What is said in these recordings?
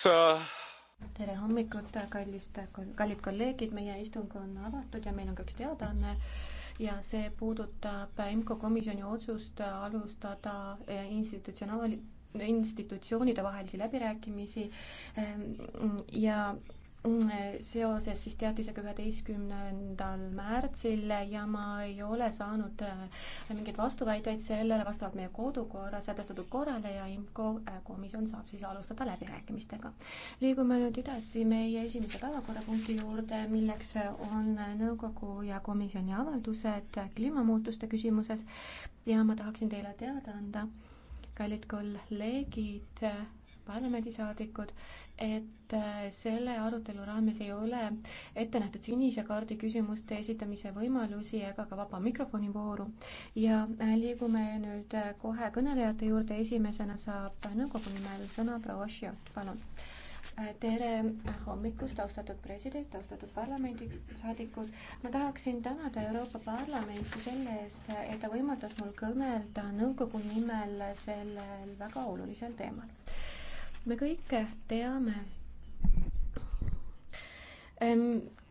tere hommikut, kallist, kallid kolleegid, meie istung on avatud ja meil on ka üks teadaanne ja see puudutab IMCO komisjoni otsust alustada eh, institutsionaal, institutsioonide vahelisi läbirääkimisi ehm, ja seoses siis teatisega üheteistkümnendal märtsil ja ma ei ole saanud äh, mingeid vastuväiteid sellele vastavalt meie kodukorra sätestatud korrale ja IMCO äh, komisjon saab siis alustada läbirääkimistega. liigume nüüd edasi meie esimese päevakorrapunkti juurde, milleks on nõukogu ja komisjoni avaldused kliimamuutuste küsimuses ja ma tahaksin teile teada anda, kallid kolleegid, äh, parlamendisaadikud, et äh, selle arutelu raames ei ole ette nähtud sinise kaardi küsimuste esitamise võimalusi ega ka vaba mikrofoni vooru. ja äh, liigume nüüd äh, kohe kõnelejate juurde, esimesena saab nõukogu nimel sõna proua Šiot, palun. tere hommikust, austatud president, austatud parlamendisaadikud. ma tahaksin tänada Euroopa Parlamenti selle eest, et ta võimaldas mul kõnelda nõukogu nimel sellel väga olulisel teemal me kõik teame,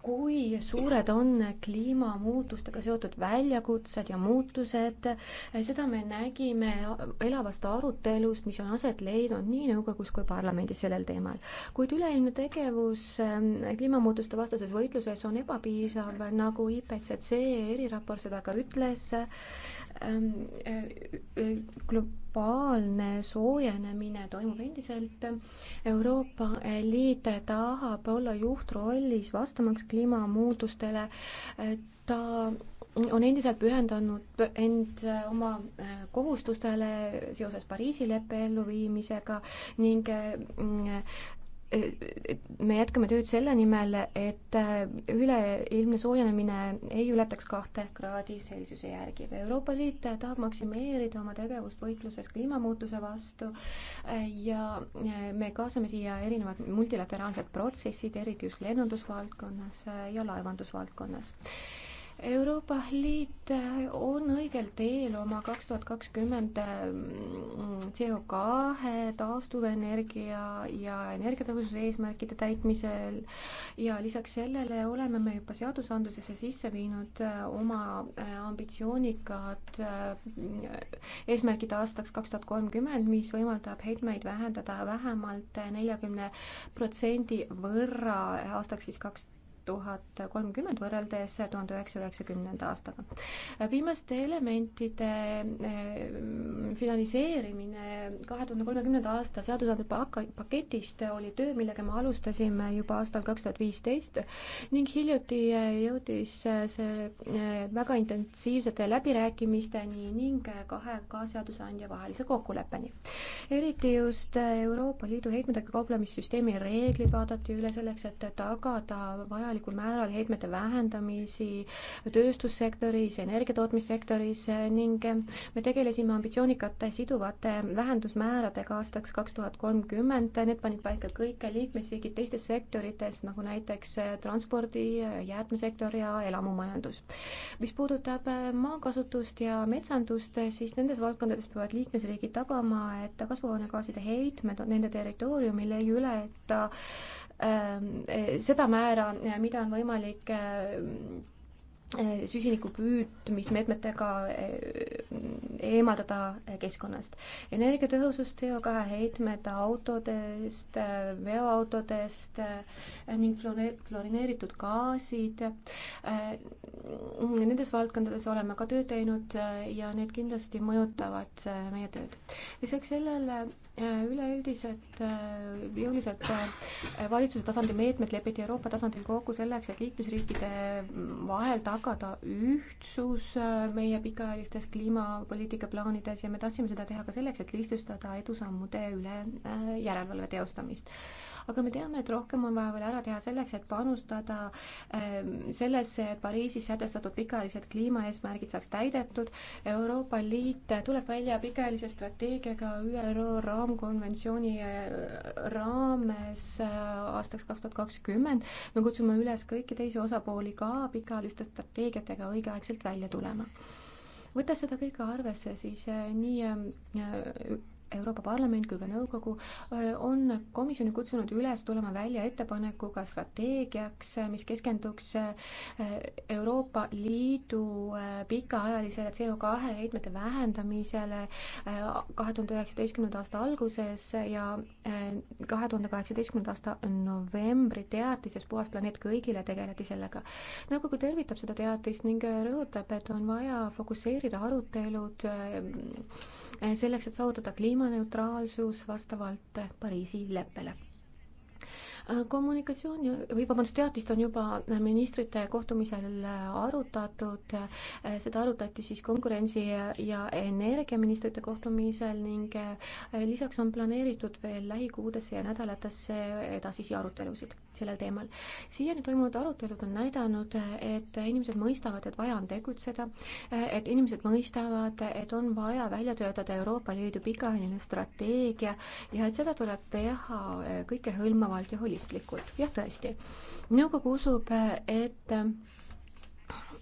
kui suured on kliimamuutustega seotud väljakutsed ja muutused, eh, seda me nägime elavast arutelust, mis on aset leidnud nii nõukogus kui parlamendis sellel teemal. kuid üleilmne tegevus kliimamuutuste vastases võitluses on ebapiisav, nagu IPCC eriraport seda ka ütles, Ehm, eh, eh, globaalne soojenemine toimub endiselt. Euroopa Liit tahab olla juhtrollis vastamaks kliimamuutustele. Eh, ta on endiselt pühendanud end oma kohustustele seoses Pariisi leppe elluviimisega ning mm, me jätkame tööd selle nimel, et äh, üleilmne soojenemine ei ületaks kahte kraadi seltsuse järgi. Euroopa Liit tahab maksimeerida oma tegevust võitluses kliimamuutuse vastu äh, ja äh, me kaasame siia erinevad multilateraalsed protsessid, eriti just lennundusvaldkonnas ja laevandusvaldkonnas Euroopa Liit äh, on õigel teel oma kaks tuhat kakskümmend mm, CO kahe taastuvenergia ja energiatõhususe eesmärkide täitmisel ja lisaks sellele oleme me juba seadusandlusesse sisse viinud äh, oma äh, ambitsioonikad eesmärgid aastaks kaks tuhat kolmkümmend, mis võimaldab heitmeid vähendada vähemalt neljakümne protsendi võrra aastaks siis kaks tuhat kolmkümmend võrreldes tuhande üheksasaja üheksakümnenda aastaga. viimaste elementide eh, finaliseerimine kahe tuhande kolmekümnenda aasta seadusandliku paketist oli töö, millega me alustasime juba aastal kaks tuhat viisteist ning hiljuti jõudis see eh, väga intensiivsete läbirääkimisteni ning kahe kaasseadusandja vahelise kokkuleppeni. eriti just Euroopa Liidu heitmetega kauplemissüsteemi reeglid vaadati üle selleks, et tagada vajalik võimalikul määral heitmete vähendamisi tööstussektoris, energiatootmissektoris ning me tegelesime ambitsioonikate siduvate vähendusmääradega aastaks kaks tuhat kolmkümmend, need panid paika kõik liikmesriigid teistes sektorites, nagu näiteks transpordi, jäätmesektor ja elamumajandus. mis puudutab maakasutust ja metsandust, siis nendes valdkondades peavad liikmesriigid tagama, et kasvuhoonegaaside heitmed nende territooriumil ei ületa Ehm, eh, seda määra, mida on võimalik ehm, Äh, süsiniku püüdmismeetmetega äh, eemaldada äh, keskkonnast. energiatõhusus, CO2 heitmed autodest, veoautodest ning fluorineeritud gaasid. Nendes valdkondades oleme ka tööd teinud ja need kindlasti mõjutavad meie tööd. lisaks sellele üleüldiselt, jõuliselt valitsuse tasandi meetmed lepiti Euroopa tasandil kokku selleks, et liikmesriikide vahel tagada tagada ühtsus äh, meie pikaajalistes kliimapoliitika plaanides ja me tahtsime seda teha ka selleks, et lihtsustada edusammude üle äh, järelevalve teostamist aga me teame, et rohkem on vaja veel ära teha selleks, et panustada ähm, sellesse, et Pariisis sätestatud pikaajalised kliimaeesmärgid saaks täidetud. Euroopa Liit tuleb välja pikaajalise strateegiaga ÜRO raamkonventsiooni äh, raames äh, aastaks kaks tuhat kakskümmend. me kutsume üles kõiki teisi osapooli ka pikaajaliste strateegiatega õigeaegselt välja tulema. võttes seda kõike arvesse, siis äh, nii Euroopa Parlament kui ka nõukogu on komisjoni kutsunud üles tulema välja ettepanekuga strateegiaks, mis keskenduks Euroopa Liidu pikaajalisele CO kahe heitmete vähendamisele kahe tuhande üheksateistkümnenda aasta alguses ja kahe tuhande kaheksateistkümnenda aasta novembri teatises Puhas planeet kõigile tegeleti sellega. nõukogu tervitab seda teatist ning rõhutab, et on vaja fokusseerida arutelud selleks, et saavutada kliima kliimaneutraalsus vastavalt Pariisi leppele Äh, kommunikatsioon või vabandust, teatist on juba äh, ministrite kohtumisel äh, arutatud, seda arutati siis konkurentsi ja energiaministrite kohtumisel ning lisaks on planeeritud veel lähikuudesse ja nädalatesse edasisi arutelusid sellel teemal. siiani toimunud arutelud on näidanud, et inimesed mõistavad, et vaja on tegutseda, et inimesed mõistavad, et on vaja välja töötada Euroopa Liidu pikaajaline strateegia ja et seda tuleb teha kõikehõlmavalt ja holistikult mõistlikult, jah tõesti. nõukogu usub, et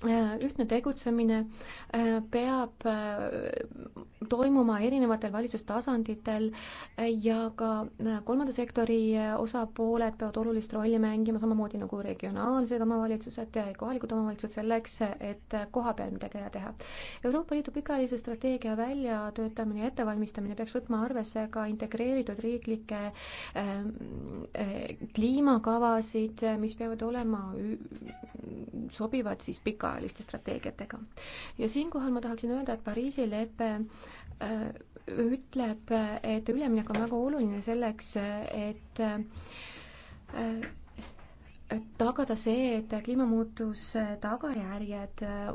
Äh, ühtne tegutsemine äh, peab äh, toimuma erinevatel valitsustasanditel ja ka kolmanda sektori osapooled peavad olulist rolli mängima, samamoodi nagu regionaalsed omavalitsused ja kohalikud omavalitsused selleks, et kohapeal midagi ära teha. Euroopa Liidu pikaajalise strateegia väljatöötamine ja ettevalmistamine peaks võtma arvesse ka integreeritud riiklikke kliimakavasid, mis peavad olema sobivad siis pika pikaajaliste strateegiatega. ja siinkohal ma tahaksin öelda, et Pariisi lepe äh, ütleb, et üleminek on väga oluline selleks, et äh, tagada see, et kliimamuutuse tagajärjed äh,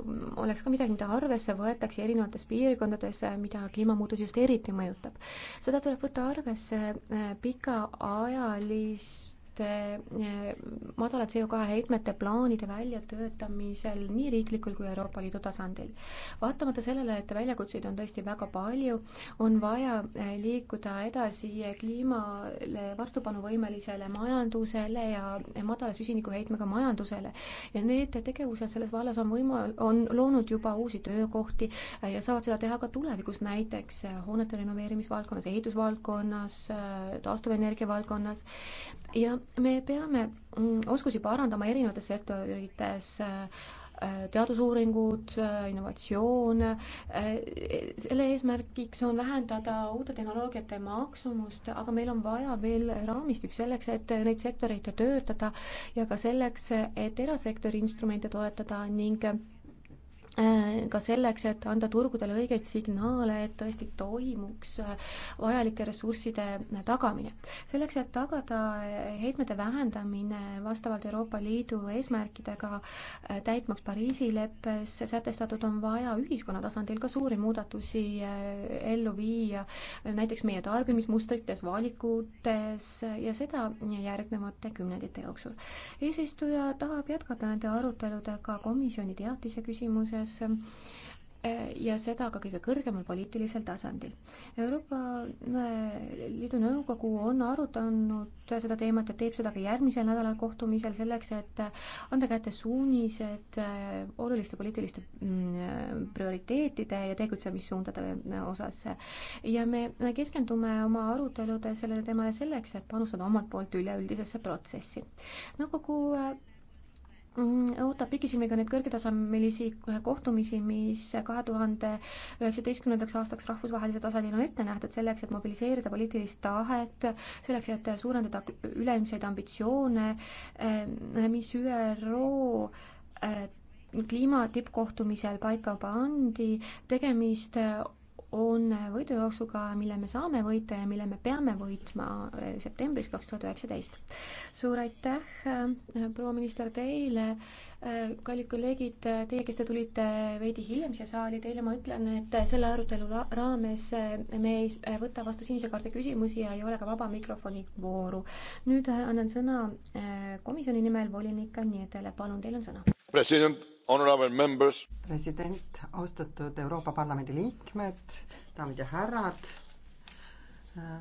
oleks ka midagi, mida arvesse võetakse erinevates piirkondades, mida kliimamuutus just eriti mõjutab. seda tuleb võtta arvesse pikaajalist et eh, madala CO2 heitmete plaanide väljatöötamisel nii riiklikul kui Euroopa Liidu tasandil. vaatamata sellele, et väljakutseid on tõesti väga palju, on vaja eh, liikuda edasi kliimale vastupanuvõimelisele majandusele ja madala süsinikuheitmega majandusele. ja need tegevused selles vallas on võima-, on loonud juba uusi töökohti eh, ja saavad seda teha ka tulevikus, näiteks hoonete renoveerimisvaldkonnas, ehitusvaldkonnas, taastuvenergia valdkonnas ja me peame mm, oskusi parandama erinevates sektorites, äh, teadusuuringud, äh, innovatsioon, äh, selle eesmärgiks on vähendada uute tehnoloogiate maksumust, aga meil on vaja veel raamistik selleks, et neid sektoreid töötada ja ka selleks, et erasektori instrumente toetada ning Äh, ka selleks, et anda turgudele õigeid signaale, et tõesti toimuks äh, vajalike ressursside tagamine. selleks, et tagada äh, heitmete vähendamine vastavalt Euroopa Liidu eesmärkidega, täitmaks Pariisi leppes sätestatud, on vaja ühiskonna tasandil ka suuri muudatusi ellu viia, näiteks meie tarbimismustrites, valikutes ja seda järgnevate kümnendite jooksul. eesistuja tahab jätkata nende aruteludega komisjoni teatise küsimuses, juures eh, ja seda ka kõige kõrgemal poliitilisel tasandil. Euroopa eh, Liidu Nõukogu on arutanud seda teemat ja teeb seda ka järgmisel nädalal kohtumisel selleks, et anda kätte suunised eh, oluliste poliitiliste mm, prioriteetide ja tegutsemissuundade osas. ja me keskendume oma arutelude sellele teemale selleks, et panustada omalt poolt üleüldisesse protsessi. nõukogu ootab mm, pikisilmiga neid kõrgetasemelisi kohtumisi, mis kahe tuhande üheksateistkümnendaks aastaks rahvusvahelisel tasandil on ette nähtud selleks, et mobiliseerida poliitilist tahet, selleks, et suurendada üleilmseid ambitsioone, eh, mis ÜRO eh, kliima tippkohtumisel paika pandi, tegemist eh, on võidujooksuga, mille me saame võita ja mille me peame võitma eh, septembris kaks tuhat üheksateist. suur aitäh, eh, proua minister, teile, eh, kallid kolleegid, teie, kes te tulite veidi hiljem siia saali, teile ma ütlen, et selle arutelu raames me ei võta vastu sinise kaarte küsimusi ja ei ole ka vaba mikrofoni vooru. nüüd annan sõna komisjoni nimel volinik Anijatele, palun, teil on sõna. president president, austatud Euroopa Parlamendi liikmed, daamid ja härrad.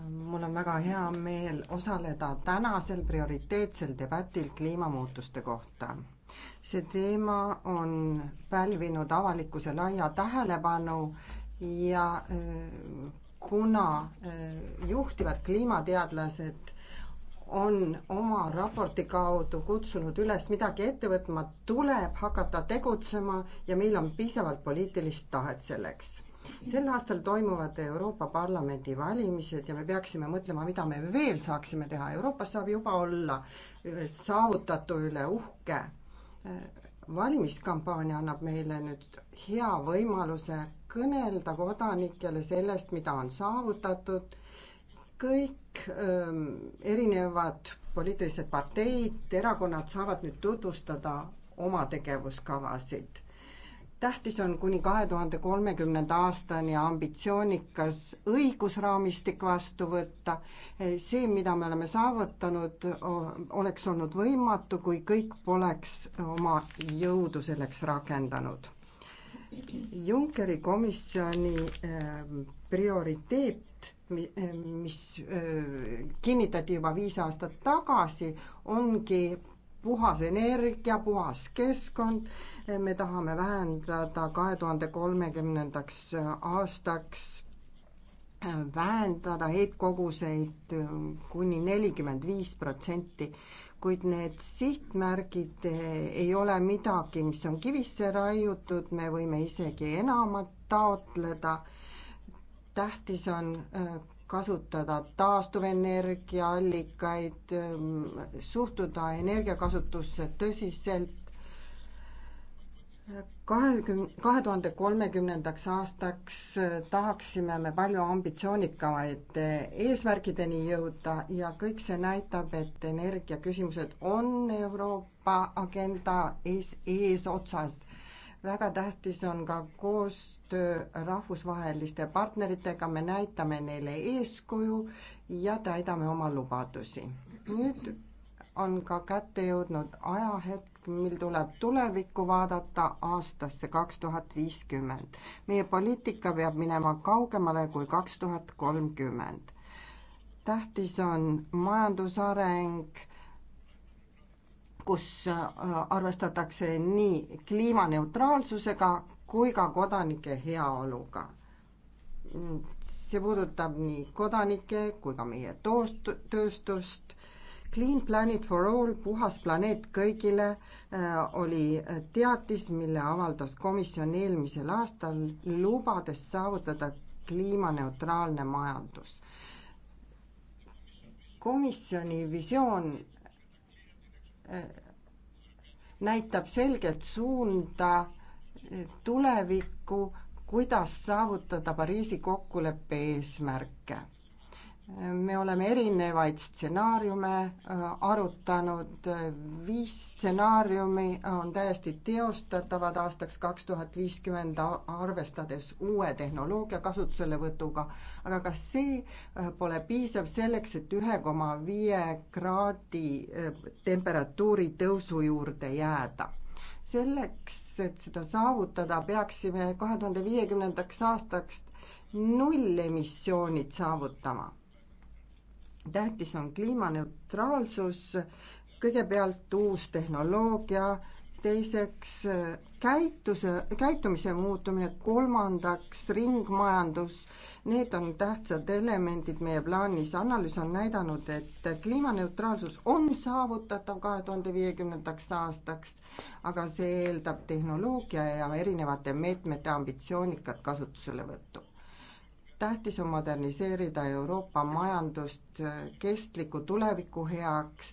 mul on väga hea meel osaleda tänasel prioriteetsel debatil kliimamuutuste kohta. see teema on pälvinud avalikkuse laia tähelepanu ja eh, kuna eh, juhtivad kliimateadlased on oma raporti kaudu kutsunud üles midagi ette võtma, tuleb hakata tegutsema ja meil on piisavalt poliitilist tahet selleks. sel aastal toimuvad Euroopa Parlamendi valimised ja me peaksime mõtlema, mida me veel saaksime teha. Euroopas saab juba olla saavutatu üle uhke. valimiskampaania annab meile nüüd hea võimaluse kõnelda kodanikele sellest, mida on saavutatud kõik ähm, erinevad poliitilised parteid, erakonnad saavad nüüd tutvustada oma tegevuskavasid. tähtis on kuni kahe tuhande kolmekümnenda aastani ambitsioonikas õigusraamistik vastu võtta. Eh, see, mida me oleme saavutanud, oleks olnud võimatu, kui kõik poleks oma jõudu selleks rakendanud. Junckeri komisjoni eh, prioriteet mis äh, kinnitati juba viis aastat tagasi, ongi puhas energia, puhas keskkond, me tahame vähendada kahe tuhande kolmekümnendaks aastaks äh, vähendada heitkoguseid äh, kuni nelikümmend viis protsenti, kuid need sihtmärgid ei ole midagi, mis on kivisse raiutud, me võime isegi enamat taotleda tähtis on äh, kasutada taastuvenergiaallikaid, ähm, suhtuda energiakasutusse tõsiselt. kahekümne, kahe tuhande kolmekümnendaks aastaks äh, tahaksime me palju ambitsioonikamate äh, eesmärkideni jõuda ja kõik see näitab, et energiaküsimused on Euroopa agenda ees, eesotsas väga tähtis on ka koostöö rahvusvaheliste partneritega, me näitame neile eeskuju ja täidame oma lubadusi. nüüd on ka kätte jõudnud ajahetk, mil tuleb tulevikku vaadata aastasse kaks tuhat viiskümmend. meie poliitika peab minema kaugemale kui kaks tuhat kolmkümmend. tähtis on majandusareng kus äh, arvestatakse nii kliimaneutraalsusega kui ka kodanike heaoluga. see puudutab nii kodanikke kui ka meie toost-, tööstust. Clean Planet for All, puhas planeet kõigile äh, oli teatis, mille avaldas komisjon eelmisel aastal, lubades saavutada kliimaneutraalne majandus. komisjoni visioon näitab selget suunda tulevikku, kuidas saavutada Pariisi kokkuleppe eesmärke me oleme erinevaid stsenaariume äh, arutanud, viis stsenaariumi on täiesti teostatavad aastaks kaks tuhat viiskümmend, arvestades uue tehnoloogia kasutuselevõtuga, aga kas see äh, pole piisav selleks, et ühe koma viie kraadi äh, temperatuuri tõusu juurde jääda? selleks, et seda saavutada, peaksime kahe tuhande viiekümnendaks aastaks nullemissioonid saavutama tähtis on kliimaneutraalsus, kõigepealt uus tehnoloogia, teiseks käituse, käitumise muutumine, kolmandaks ringmajandus, need on tähtsad elemendid meie plaanis. analüüs on näidanud, et kliimaneutraalsus on saavutatav kahe tuhande viiekümnendaks aastaks, aga see eeldab tehnoloogia ja erinevate meetmete ambitsioonikat kasutuselevõttu tähtis on moderniseerida Euroopa majandust kestliku tuleviku heaks,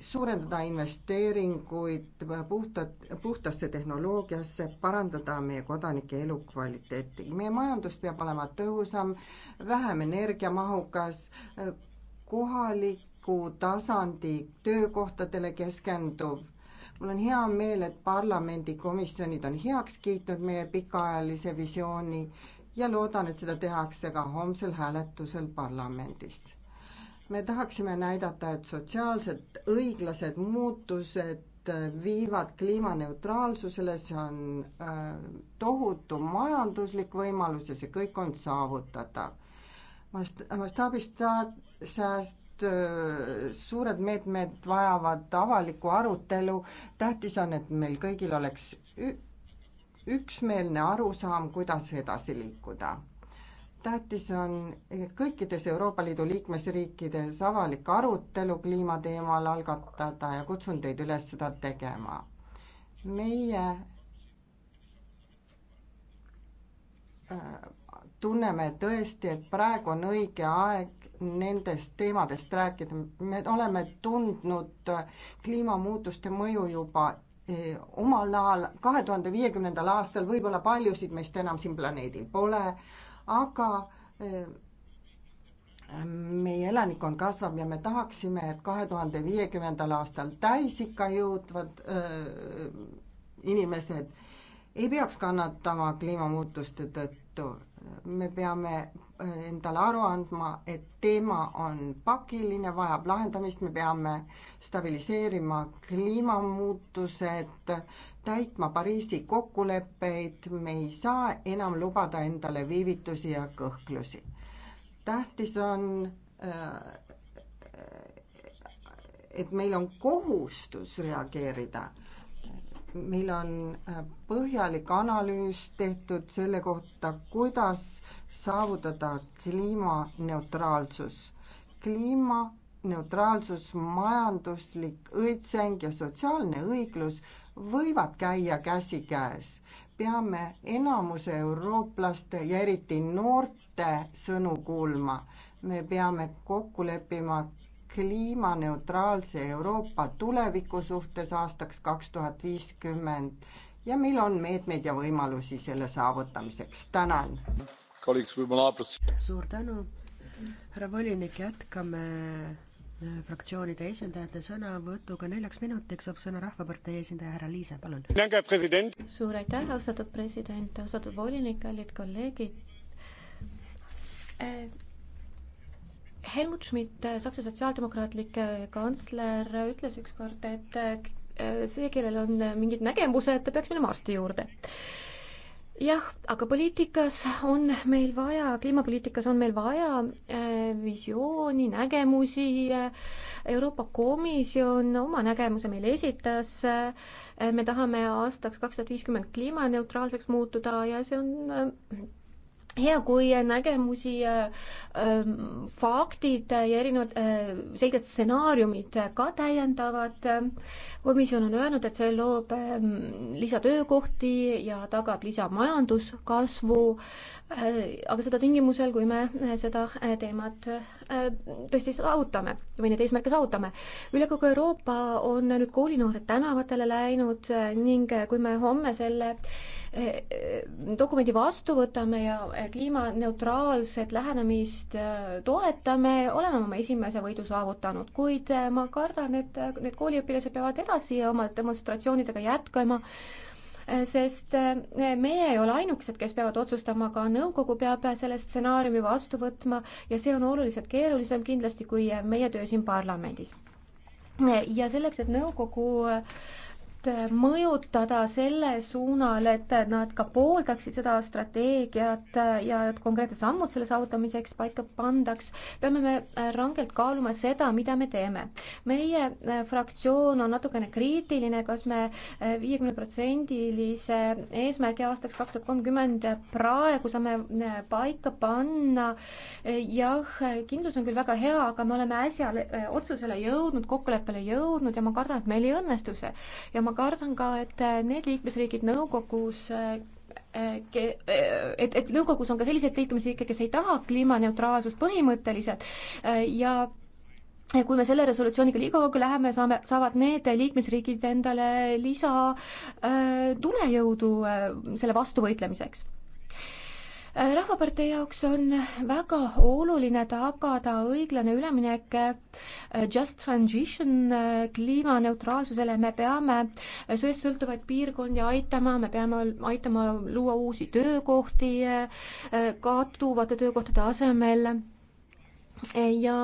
suurendada investeeringuid puhtad, puhtasse tehnoloogiasse, parandada meie kodanike elukvaliteeti. meie majandus peab olema tõhusam, vähem energiamahukas, kohaliku tasandi töökohtadele keskenduv mul on hea meel, et parlamendikomisjonid on heaks kiitnud meie pikaajalise visiooni ja loodan, et seda tehakse ka homsel hääletusel parlamendis. me tahaksime näidata, et sotsiaalsed õiglased muutused viivad kliimaneutraalsusele, see on äh, tohutu majanduslik võimalus ja see kõik on saavutatav. Mast-, mastaabista-, sääst äh, suured meetmed vajavad avalikku arutelu. tähtis on, et meil kõigil oleks üksmeelne arusaam, kuidas edasi liikuda. tähtis on kõikides Euroopa Liidu liikmesriikides avalik arutelu kliima teemal algatada ja kutsun teid üles seda tegema. meie äh, tunneme tõesti, et praegu on õige aeg nendest teemadest rääkida, me oleme tundnud kliimamuutuste mõju juba omal ajal, kahe tuhande viiekümnendal aastal võib-olla paljusid meist enam siin planeedil pole, aga meie elanikkond kasvab ja me tahaksime, et kahe tuhande viiekümnendal aastal täis ikka jõudvad öö, inimesed ei peaks kannatama kliimamuutuste tõttu me peame äh, endale aru andma, et teema on pakiline, vajab lahendamist, me peame stabiliseerima kliimamuutused, täitma Pariisi kokkuleppeid, me ei saa enam lubada endale viivitusi ja kõhklusi. tähtis on, äh, et meil on kohustus reageerida meil on äh, põhjalik analüüs tehtud selle kohta, kuidas saavutada kliimaneutraalsus. kliimaneutraalsus, majanduslik õitseng ja sotsiaalne õiglus võivad käia käsikäes. peame enamuse eurooplaste ja eriti noorte sõnu kuulma. me peame kokku leppima kliimaneutraalse Euroopa tuleviku suhtes aastaks kaks tuhat viiskümmend ja meil on meetmeid ja võimalusi selle saavutamiseks. tänan. suur tänu, härra volinik, jätkame äh, fraktsioonide esindajate sõnavõtuga neljaks minutiks saab sõna Rahvapartei esindaja härra Liise, palun. suur aitäh, austatud president, austatud volinik, kallid kolleegid. Äh, Helmut Schmidt, Saksa sotsiaaldemokraatlike kantsler, ütles ükskord, et äh, see, kellel on mingid nägemused, peaks minema arsti juurde. jah, aga poliitikas on meil vaja, kliimapoliitikas on meil vaja äh, visiooni, nägemusi. Euroopa Komisjon oma nägemuse meile esitas. Äh, me tahame aastaks kaks tuhat viiskümmend kliimaneutraalseks muutuda ja see on hea, kui äh, nägemusi äh,, ähm, faktid äh, ja erinevad äh, selged stsenaariumid äh, ka täiendavad. komisjon on öelnud, et see loob äh, lisatöökohti ja tagab lisamajanduskasvu äh,, aga seda tingimusel, kui me seda teemat Äh, tõesti saavutame või neid eesmärke saavutame. üle kogu Euroopa on nüüd koolinoored tänavatele läinud äh, ning äh, kui me homme selle dokumendi vastu võtame ja kliimaneutraalset lähenemist toetame, oleme oma esimese võidu saavutanud, kuid ma kardan, et need kooliõpilased peavad edasi oma demonstratsioonidega jätkama Äh, sest äh, meie ei ole ainukesed, kes peavad otsustama, ka nõukogu peab selle stsenaariumi vastu võtma ja see on oluliselt keerulisem kindlasti kui meie töö siin parlamendis. Äh, ja selleks, et nõukogu äh, mõjutada selle suunal, et nad ka pooldaksid seda strateegiat ja et konkreetsed sammud selle saavutamiseks paika pandaks, peame me rangelt kaaluma seda, mida me teeme. meie fraktsioon on natukene kriitiline, kas me viiekümne protsendilise eesmärgi aastaks kaks tuhat kolmkümmend praegu saame paika panna. jah, kindlus on küll väga hea, aga me oleme äsja otsusele jõudnud, kokkuleppele jõudnud ja ma kardan, et meil ei õnnestu see ja ma kardan ka, et äh, need liikmesriigid nõukogus äh, äh, et, et nõukogus on ka selliseid liikmesriike, kes ei taha kliimaneutraalsust põhimõtteliselt ja kui me selle resolutsiooniga liiga kaugele läheme, saame, saavad need liikmesriigid endale lisa äh, tulejõudu äh, selle vastu võitlemiseks rahvapartei jaoks on väga oluline tagada õiglane üleminek eh, just transition eh, kliimaneutraalsusele, me peame söest sõltuvaid piirkondi aitama, me peame aitama luua uusi töökohti eh, kaduvate töökohtade asemel ja,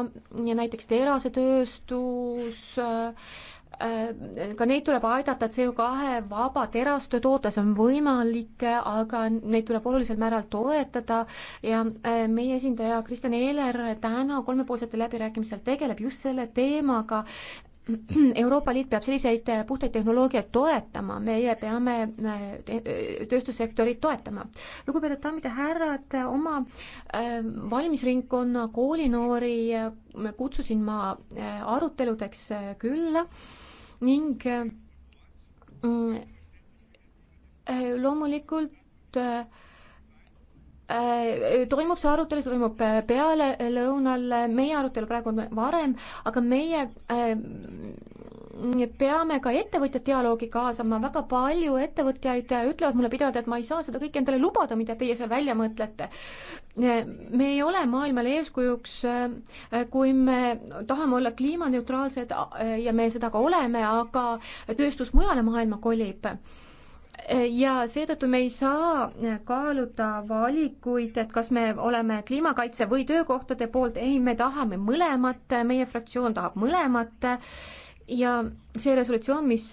ja näiteks terasetööstus äh,, Äh, ka neid tuleb aidata CO2 vaba terast toota, see on võimalik, aga neid tuleb olulisel määral toetada ja äh, meie esindaja Kristjan Eeler täna kolmepoolsetel läbirääkimistel tegeleb just selle teemaga. Euroopa Liit peab selliseid puhtaid tehnoloogiaid toetama, meie peame äh, tööstussektorit toetama. lugupeetud daamid ja härrad, oma valmisringkonna koolinoori kutsusin ma aruteludeks külla ning mm, äh, loomulikult äh, Äh, toimub see arutelu, see toimub äh, pealelõunal, meie arutelu praegu on varem, aga meie äh, peame ka ettevõtjad dialoogi kaasama, väga palju ettevõtjaid ütlevad mulle pidevalt, et ma ei saa seda kõike endale lubada, mida teie seal välja mõtlete. me ei ole maailmale eeskujuks, kui me tahame olla kliimaneutraalsed ja me seda ka oleme, aga tööstus mujale maailma kolib ja seetõttu me ei saa kaaluda valikuid, et kas me oleme kliimakaitse või töökohtade poolt, ei, me tahame mõlemat, meie fraktsioon tahab mõlemat ja see resolutsioon, mis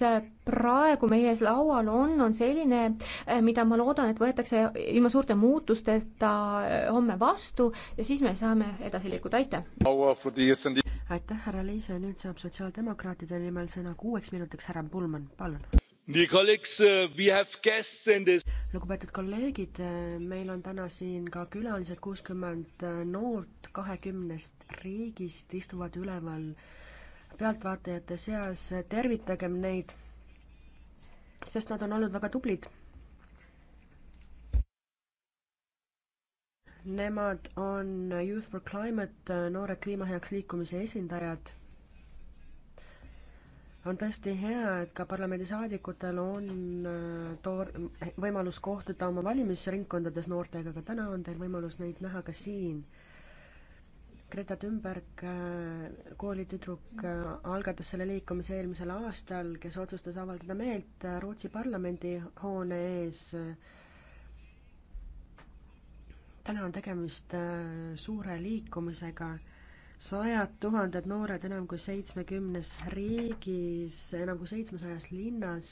praegu meie ees laual on, on selline, mida ma loodan, et võetakse ilma suurte muutusteta homme vastu ja siis me saame edasi liikuda, aitäh! aitäh, härra Liise, nüüd saab sotsiaaldemokraatide nimel sõna kuueks minutiks härra Pullmann, palun! Uh, lugupeetud kolleegid, äh, meil on täna siin ka külalised, kuuskümmend äh, noort kahekümnest riigist istuvad üleval pealtvaatajate seas, tervitagem neid, sest nad on olnud väga tublid. Nemad on Youth for Climate, äh, noored kliima heaks liikumise esindajad on tõesti hea, et ka parlamendisaadikutel on äh, toor-, võimalus kohtuda oma valimisringkondades noortega, aga täna on teil võimalus neid näha ka siin. Greta Thunberg, äh, koolitüdruk, äh, algatas selle liikumise eelmisel aastal, kes otsustas avaldada meelt Rootsi parlamendi hoone ees. täna on tegemist suure liikumisega sajad tuhanded noored enam kui seitsmekümnes riigis, enam kui seitsmesajas linnas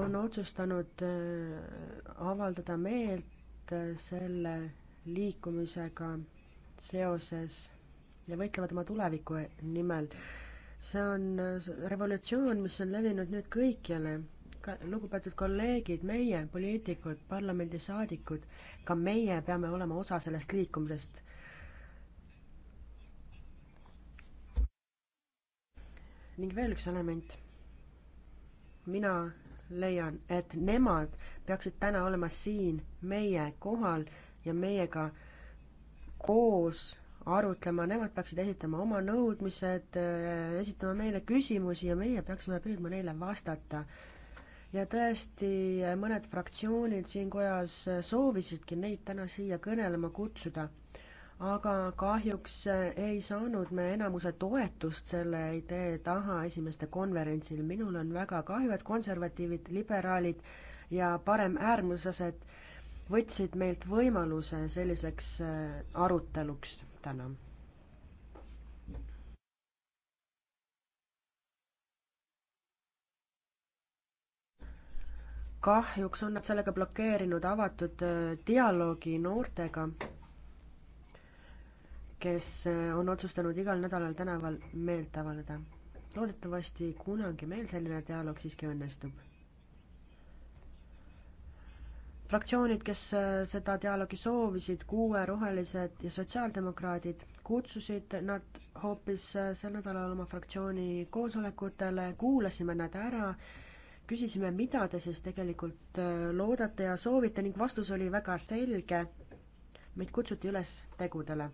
on otsustanud äh, avaldada meelt äh, selle liikumisega seoses ja võitlevad oma tuleviku nimel. see on äh, revolutsioon, mis on levinud nüüd kõikjale. ka lugupeetud kolleegid, meie, poliitikud, parlamendisaadikud, ka meie peame olema osa sellest liikumisest ning veel üks element. mina leian, et nemad peaksid täna olema siin meie kohal ja meiega koos arutlema, nemad peaksid esitama oma nõudmised, eh, esitama meile küsimusi ja meie peaksime püüdma neile vastata. ja tõesti, eh, mõned fraktsioonid siin kojas eh, soovisidki neid täna siia kõnelema kutsuda aga kahjuks eh, ei saanud me enamuse toetust selle idee taha esimeste konverentsil. minul on väga kahju, et konservatiivid, liberaalid ja paremäärmuslased võtsid meilt võimaluse selliseks eh, aruteluks täna. kahjuks on nad sellega blokeerinud avatud eh, dialoogi noortega kes eh, on otsustanud igal nädalal tänaval meelt avaldada. loodetavasti kunagi meil selline dialoog siiski õnnestub fraktsioonid, kes eh, seda dialoogi soovisid, kuue, rohelised ja sotsiaaldemokraadid, kutsusid nad hoopis eh, sel nädalal oma fraktsiooni koosolekutele, kuulasime nad ära, küsisime, mida te siis tegelikult loodate ja soovite ning vastus oli väga selge. meid kutsuti üles tegudele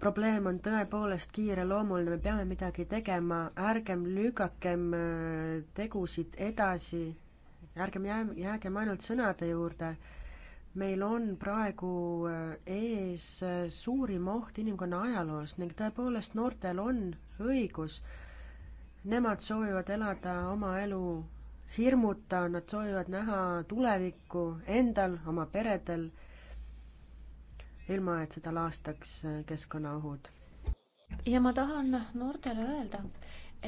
probleem on tõepoolest kiireloomuline, me peame midagi tegema, ärgem lükakem äh, tegusid edasi, ärgem jää-, jäägem ainult sõnade juurde. meil on praegu äh, ees äh, suurim oht inimkonna ajaloos ning tõepoolest noortel on õigus. Nemad soovivad elada oma elu hirmuta, nad soovivad näha tulevikku endal, oma peredel ilma et seda laastaks äh, keskkonnaohud. ja ma tahan noortele öelda,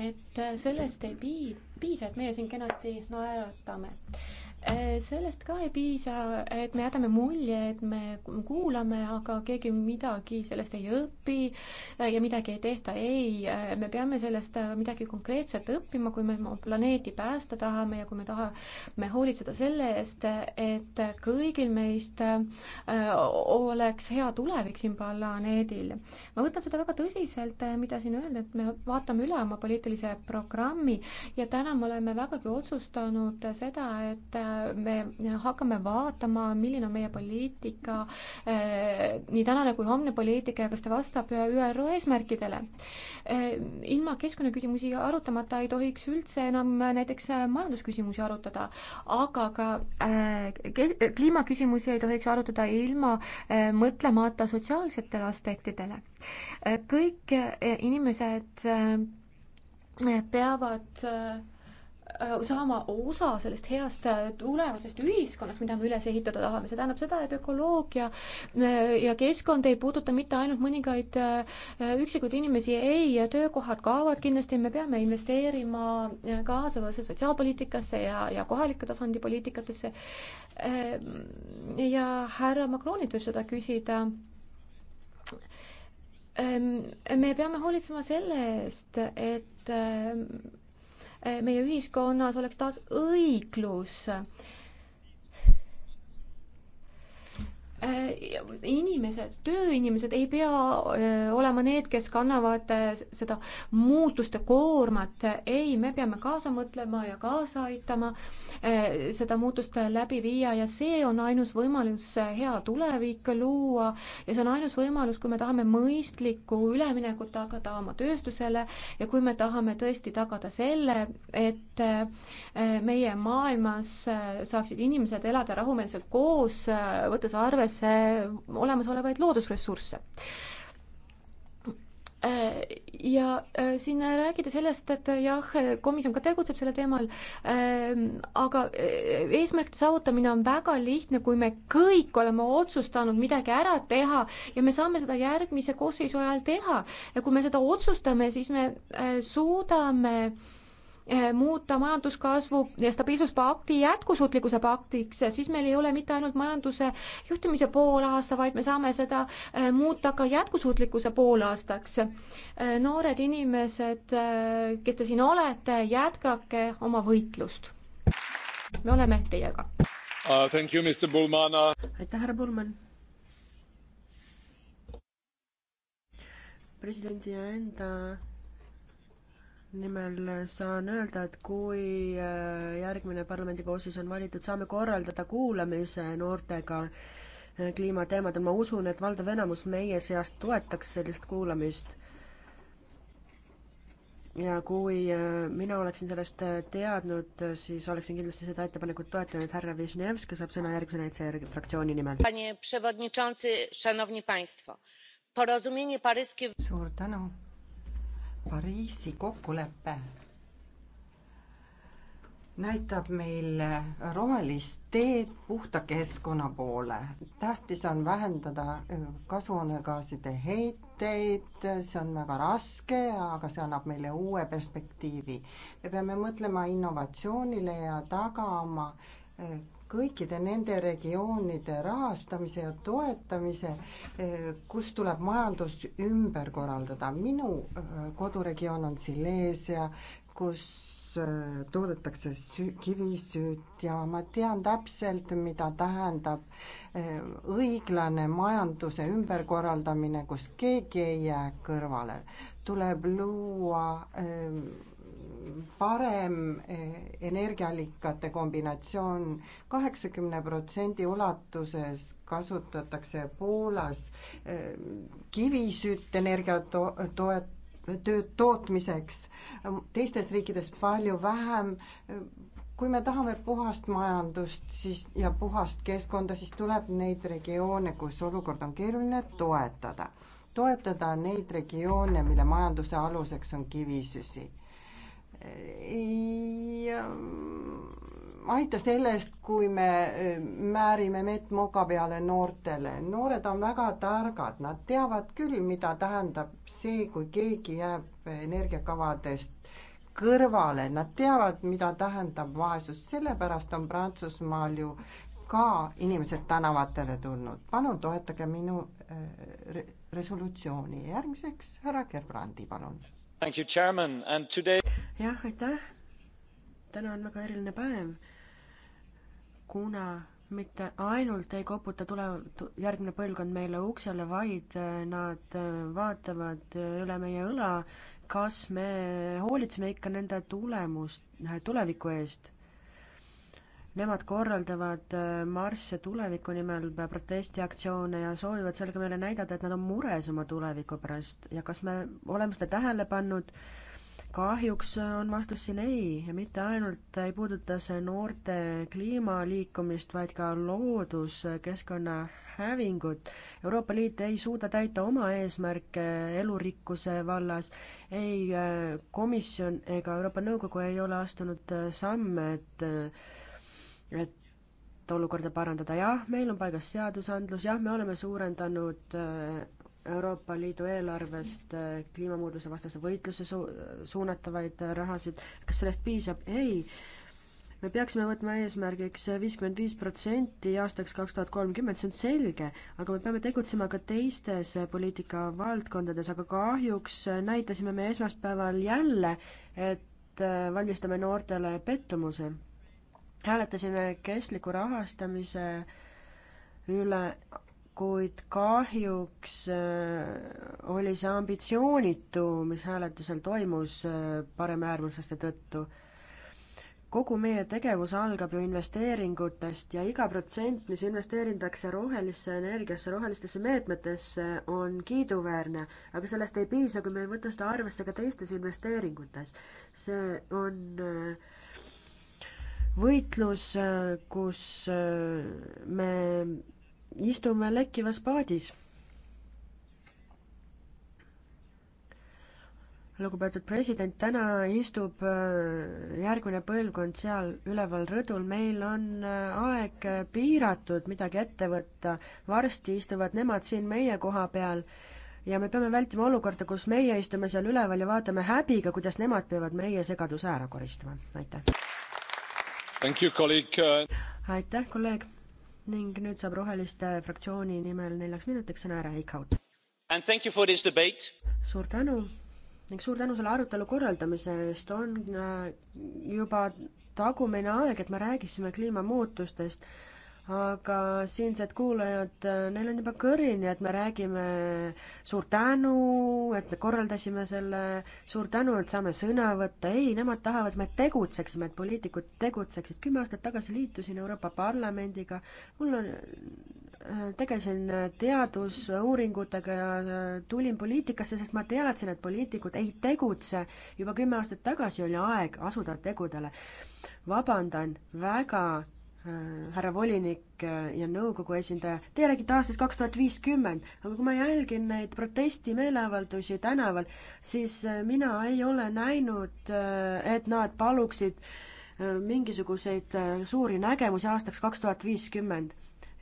et äh, sellest ei pii-, piisa, et meie siin kenasti naeratame no, Eh, sellest ka ei piisa, et me jätame mulje, et me kuulame, aga keegi midagi sellest ei õpi eh, ja midagi ei tehta. ei, eh, me peame sellest midagi konkreetset õppima, kui me oma planeedi päästa tahame ja kui me tahame hoolitseda selle eest, et kõigil meist oleks hea tulevik siin planeedil. ma võtan seda väga tõsiselt, mida siin öeldi, et me vaatame üle oma poliitilise programmi ja täna me oleme vägagi otsustanud seda, et me hakkame vaatama, milline on meie poliitika, eh, nii tänane kui homne poliitika ja kas ta vastab ÜRO eesmärkidele. Eh, ilma keskkonnaküsimusi arutamata ei tohiks üldse enam näiteks majandusküsimusi arutada, aga ka eh, kliimaküsimusi ei tohiks arutada ilma mõtlemata sotsiaalsetele aspektidele. kõik inimesed peavad Äh, saama osa sellest heast äh, tulevasest ühiskonnast, mida me üles ehitada tahame, see tähendab seda, et ökoloogia äh, ja keskkond ei puuduta mitte ainult mõningaid üksikuid inimesi, ei, töökohad kaovad kindlasti, me peame investeerima kaasavasse sotsiaalpoliitikasse ja, ja kohaliku tasandi poliitikatesse. ja härra Macronilt võib seda küsida me peame hoolitsema selle eest, et meie ühiskonnas oleks taas õiglus Äh, inimesed, tööinimesed ei pea äh, olema need, kes kannavad äh, seda muutuste koormat, ei, me peame kaasa mõtlema ja kaasa aitama seda muutust läbi viia ja see on ainus võimalus hea tulevik luua ja see on ainus võimalus, kui me tahame mõistlikku üleminekut tagada oma tööstusele ja kui me tahame tõesti tagada selle, et meie maailmas saaksid inimesed elada rahumeelselt koos, võttes arvesse arvesse olemasolevaid loodusressursse ja äh, siin räägida sellest, et jah, komisjon ka tegutseb selle teemal, ähm, aga äh, eesmärkide saavutamine on väga lihtne, kui me kõik oleme otsustanud midagi ära teha ja me saame seda järgmise koosseisu ajal teha ja kui me seda otsustame, siis me äh, suudame äh, Eh, muuta majanduskasvu ja stabiilsuspakti jätkusuutlikkuse paktiks, siis meil ei ole mitte ainult majanduse juhtimise poolaasta, vaid me saame seda eh, muuta ka jätkusuutlikkuse poolaastaks. Eh, noored inimesed, kes te siin olete, jätkake oma võitlust. me oleme teiega uh,. aitäh, härra Bullmann. presidendi ja enda nimel saan öelda, et kui äh, järgmine parlamendikoosseis on valitud, saame korraldada kuulamise noortega äh, kliimateemadel, ma usun, et valdav enamus meie seast toetaks sellist kuulamist. ja kui äh, mina oleksin sellest teadnud, siis oleksin kindlasti seda ettepanekut toetanud, härra Višnevski saab sõna järgmisena ECR fraktsiooni nimel. suur tänu Pariisi kokkulepe näitab meile rohelist teed puhta keskkonna poole. tähtis on vähendada äh, kasvuhoonegaaside heiteid, see on väga raske, aga see annab meile uue perspektiivi. me peame mõtlema innovatsioonile ja tagama äh, kõikide nende regioonide rahastamise ja toetamise, eh, kus tuleb majandus ümber korraldada. minu eh, koduregioon on Sileesia, kus eh, toodetakse kivisüüt ja ma tean täpselt, mida tähendab õiglane majanduse ümberkorraldamine, kus keegi ei jää kõrvale. tuleb luua parem eh, energiaallikate kombinatsioon. kaheksakümne protsendi ulatuses kasutatakse Poolas eh, kivisütt energia to-, toet-, tööd tootmiseks, teistes riikides palju vähem. kui me tahame puhast majandust, siis ja puhast keskkonda, siis tuleb neid regioone, kus olukord on keeruline, toetada toetada neid regioone, mille majanduse aluseks on kivisüsi ei aita sellest, kui me e, määrime mett moka peale noortele. noored on väga targad, nad teavad küll, mida tähendab see, kui keegi jääb energiakavadest kõrvale, nad teavad, mida tähendab vaesus, sellepärast on Prantsusmaal ju ka inimesed tänavatele tulnud. palun toetage minu e, resolutsiooni. järgmiseks härra Gerbrandi, palun jah, aitäh. täna on väga eriline päev, kuna mitte ainult ei koputa tule, järgmine põlvkond meile uksele, vaid äh, nad äh, vaatavad äh, üle meie õla, kas me hoolitseme ikka nende tulemust, tuleviku eest. Nemad korraldavad äh, marsse tuleviku nimel, protestiaktsioone ja soovivad sellega meile näidata, et nad on mures oma tuleviku pärast ja kas me oleme seda tähele pannud, kahjuks äh, on vastus siin ei ja mitte ainult ei puuduta see noorte kliimaliikumist, vaid ka looduskeskkonna äh, hävingut. Euroopa Liit ei suuda täita oma eesmärke elurikkuse vallas, ei komisjon ega Euroopa Nõukogu ei ole astunud samme, et et olukorda parandada, jah, meil on paigas seadusandlus, jah, me oleme suurendanud äh, Euroopa Liidu eelarvest äh, kliimamuutuse vastase võitluse su-, suunatavaid äh, rahasid, kas sellest piisab? ei me peaksime võtma eesmärgiks viiskümmend viis protsenti aastaks kaks tuhat kolmkümmend, see on selge, aga me peame tegutsema ka teistes poliitikavaldkondades, aga kahjuks näitasime me esmaspäeval jälle, et valmistame noortele pettumuse hääletasime kestliku rahastamise üle, kuid kahjuks äh, oli see ambitsioonitu, mis hääletusel toimus äh, paremäärmuslaste tõttu. kogu meie tegevus algab ju investeeringutest ja iga protsent, mis investeeritakse rohelisse energiasse, rohelistesse meetmetesse, on kiiduväärne, aga sellest ei piisa, kui me ei võta seda arvesse ka teistes investeeringutes. see on äh, võitlus, kus äh, me istume lekkivas paadis. lugupeetud president, täna istub äh, järgmine põlvkond seal üleval rõdul, meil on äh, aeg piiratud midagi ette võtta, varsti istuvad nemad siin meie koha peal ja me peame vältima olukorda, kus meie istume seal üleval ja vaatame häbiga, kuidas nemad peavad meie segaduse ära koristama, aitäh aitäh, kolleeg ning nüüd saab Roheliste fraktsiooni nimel neljaks minutiks sõna härra Eickhout. suur tänu ning suur tänu selle arutelu korraldamise eest, on äh, juba tagumine aeg, et me räägiksime kliimamuutustest aga siinsed kuulajad, äh, neil on juba kõri, nii et me räägime suur tänu, et me korraldasime selle, suur tänu, et saame sõna võtta, ei, nemad tahavad, et me tegutseksime, et poliitikud tegutseksid. kümme aastat tagasi liitusin Euroopa Parlamendiga, mul on, äh, tegelesin äh, teadusuuringutega ja tulin poliitikasse, sest ma teadsin, et poliitikud ei tegutse. juba kümme aastat tagasi oli aeg asuda tegudele. vabandan väga Äh, härra volinik äh, ja nõukogu esindaja, teie räägite aastast kaks tuhat viiskümmend, aga kui ma jälgin neid protesti meeleavaldusi tänaval, siis äh, mina ei ole näinud, et nad paluksid mingisuguseid suuri nägemusi aastaks kaks tuhat viiskümmend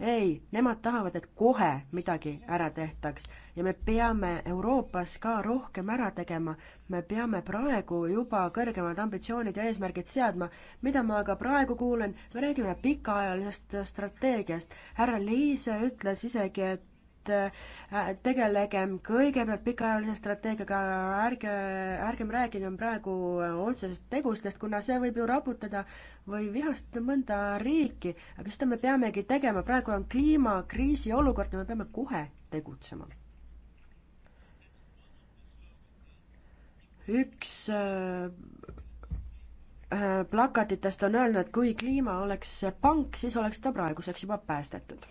ei, nemad tahavad, et kohe midagi ära tehtaks ja me peame Euroopas ka rohkem ära tegema. me peame praegu juba kõrgemad ambitsioonid ja eesmärgid seadma, mida ma aga praegu kuulen, me räägime pikaajalisest strateegiast. härra Liise ütles isegi, et Äh, tegelegem kõigepealt pikaajalise strateegiaga, ärge, ärgem rääkigem praegu äh, otsesest tegustest, kuna see võib ju raputada või vihastada mõnda riiki, aga seda me peamegi tegema, praegu on kliimakriisi olukord ja me peame kohe tegutsema. üks äh, plakatitest on öelnud, et kui kliima oleks pank, siis oleks ta praeguseks juba päästetud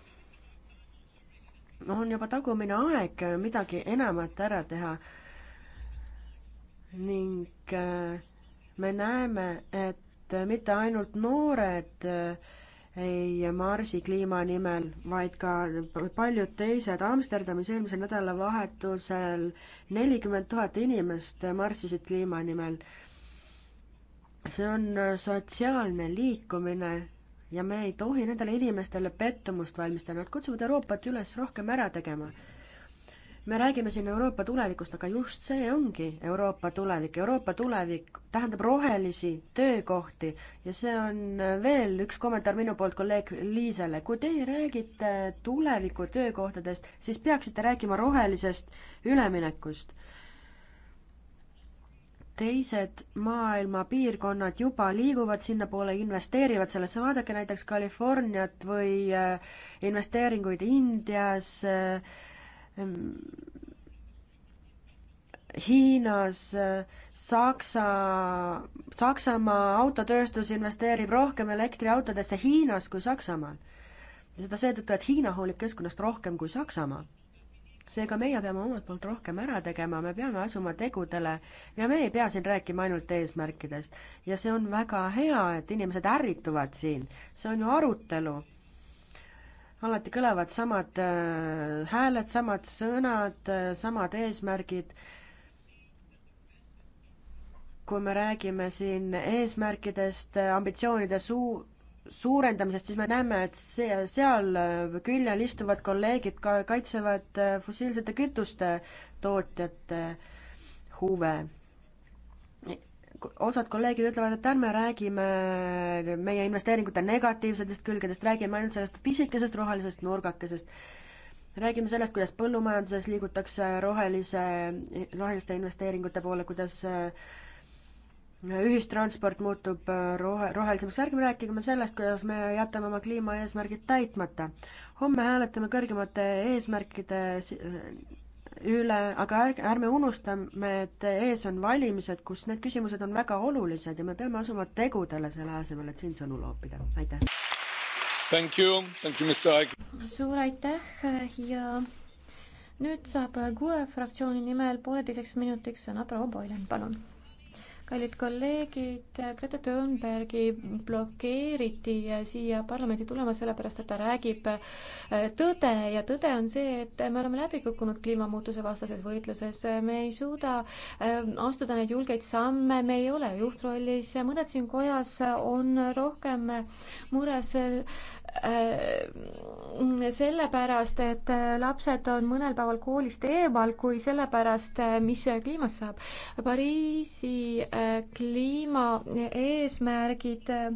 on juba tagumine aeg midagi enamat ära teha. ning äh, me näeme, et mitte ainult noored äh, ei marsi kliima nimel, vaid ka paljud teised. Amsterdamis eelmisel nädalavahetusel nelikümmend tuhat inimest marssisid kliima nimel. see on äh, sotsiaalne liikumine ja me ei tohi nendele inimestele pettumust valmistada, nad kutsuvad Euroopat üles rohkem ära tegema. me räägime siin Euroopa tulevikust, aga just see ongi Euroopa tulevik, Euroopa tulevik tähendab rohelisi töökohti ja see on veel üks kommentaar minu poolt kolleeg Liisele, kui teie räägite tuleviku töökohtadest, siis peaksite rääkima rohelisest üleminekust teised maailma piirkonnad juba liiguvad sinnapoole, investeerivad sellesse, vaadake näiteks Californiat või äh, investeeringuid Indias, äh, mm, Hiinas, äh, Saksa, Saksamaa autotööstus investeerib rohkem elektriautodesse Hiinas kui Saksamaal. seda seetõttu, et Hiina hoolib keskkonnast rohkem kui Saksamaa seega meie peame omalt poolt rohkem ära tegema, me peame asuma tegudele ja me ei pea siin rääkima ainult eesmärkidest. ja see on väga hea, et inimesed ärrituvad siin, see on ju arutelu. alati kõlavad samad äh, hääled, samad sõnad äh,, samad eesmärgid. kui me räägime siin eesmärkidest, äh, ambitsioonide suu-, suurendamisest, siis me näeme, et see, seal küljel istuvad kolleegid ka kaitsevad äh, fossiilsete kütuste tootjate huve. osad kolleegid ütlevad, et ärme räägime meie investeeringute negatiivsetest külgedest, räägime ainult sellest pisikesest rohelisest nurgakesest. räägime sellest, kuidas põllumajanduses liigutakse rohelise, roheliste investeeringute poole, kuidas äh, ühistransport muutub äh, rohe, rohelisemaks, ärgem rääkigem sellest, kuidas me jätame oma kliimaeesmärgid täitmata. homme hääletame kõrgemate eesmärkide äh, üle, aga ärge, ärme unustame, et ees on valimised, kus need küsimused on väga olulised ja me peame asuma tegudele selle asemel, et siin sõnu loopida. aitäh! suur aitäh ja nüüd saab GUE fraktsiooni nimel pooleteiseks minutiks sõna proua Boylan, palun kallid kolleegid, Greta Thunbergi blokeeriti siia parlamenti tulema sellepärast, et ta räägib äh, tõde ja tõde on see, et me oleme läbi kukkunud kliimamuutuse vastases võitluses, me ei suuda äh, astuda neid julgeid samme, me ei ole juhtrollis, mõned siin kojas on rohkem mures Äh, sellepärast, et äh, lapsed on mõnel päeval koolist eemal, kui sellepärast, äh, mis kliimast saab. Pariisi kliimaeesmärgid äh,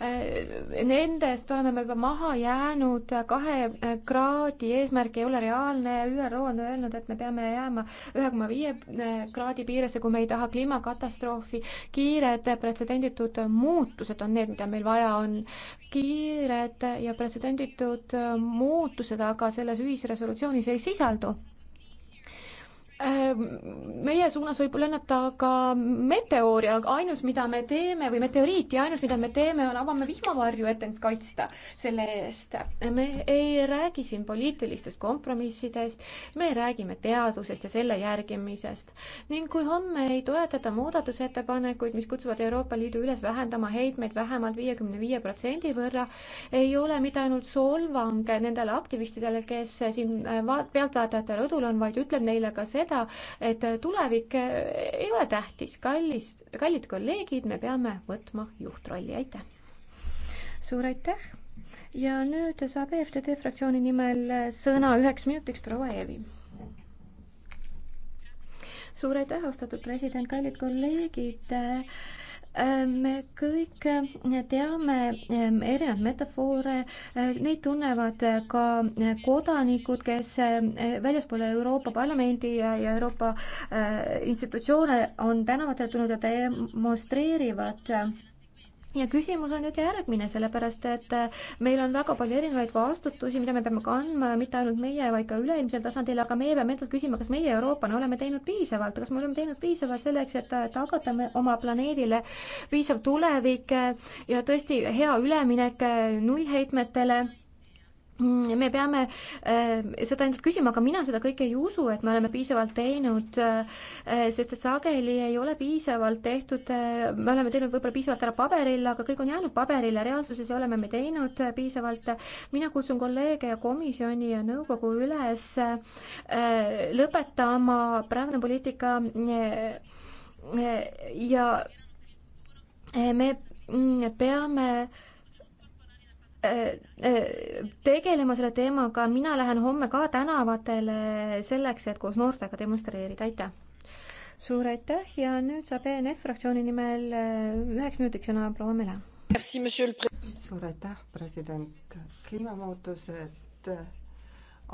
Äh, nendest oleme me juba maha jäänud, kahe kraadi eesmärk ei ole reaalne, ÜRO on öelnud, et me peame jääma ühe koma viie äh, kraadi piiresse, kui me ei taha kliimakatastroofi. kiired pretsedenditud muutused on need, mida meil vaja on. kiired ja pretsedenditud muutused aga selles ühisresolutsioonis ei sisaldu Ehm, meie suunas võib lennata ka meteoor ja ainus, mida me teeme või meteoriit ja ainus, mida me teeme, on avame vihmavarju, et end kaitsta selle eest. me ei räägi siin poliitilistest kompromissidest, me räägime teadusest ja selle järgimisest. ning kui homme ei toetata muudatusettepanekuid, mis kutsuvad Euroopa Liidu üles vähendama heitmeid vähemalt viiekümne viie protsendi võrra, ei ole mitte ainult solvang nendele aktivistidele, kes siin pealtvaatajate rõdul on, vaid ütleb neile ka seda, seda, et tulevik ei ole tähtis, kallis, kallid kolleegid, me peame võtma juhtrolli, aitäh! suur aitäh ja nüüd saab EFTD fraktsiooni nimel sõna üheks minutiks proua Eevi. suur aitäh, austatud president, kallid kolleegid äh,! Ehm, me kõik eh, teame ehm, erinevaid metafoore, eh, neid tunnevad eh, ka kodanikud, kes väljaspool Euroopa Parlamendi ja Euroopa institutsioone on tänavatele tulnud ja demonstreerivad ja küsimus on nüüd järgmine, sellepärast et äh, meil on väga palju erinevaid vastutusi, mida me peame kandma, mitte ainult meie, vaid ka üleilmsel tasandil, aga meie peame endalt küsima, kas meie Euroopana oleme teinud piisavalt, kas me oleme teinud piisavalt selleks, et äh, tagada oma planeedile piisav tulevik äh, ja tõesti hea üleminek nullheitmetele Mm, me peame äh, seda endalt küsima, aga mina seda kõike ei usu, et me oleme piisavalt teinud, äh, sest et sageli ei ole piisavalt tehtud, äh, me oleme teinud võib-olla piisavalt ära paberil, aga kõik on jäänud paberile, reaalsuses ei ole me teinud piisavalt. mina kutsun kolleege ja komisjoni ja nõukogu üles lõpetama praegune poliitika ja me mm, peame Äh, äh, tegelema selle teemaga, mina lähen homme ka tänavatele selleks, et koos noortega demonstreerida, aitäh! suur aitäh ja nüüd saab ENF fraktsiooni nimel äh, üheks minutiks sõna proua Mele. suur aitäh, president! kliimamuutused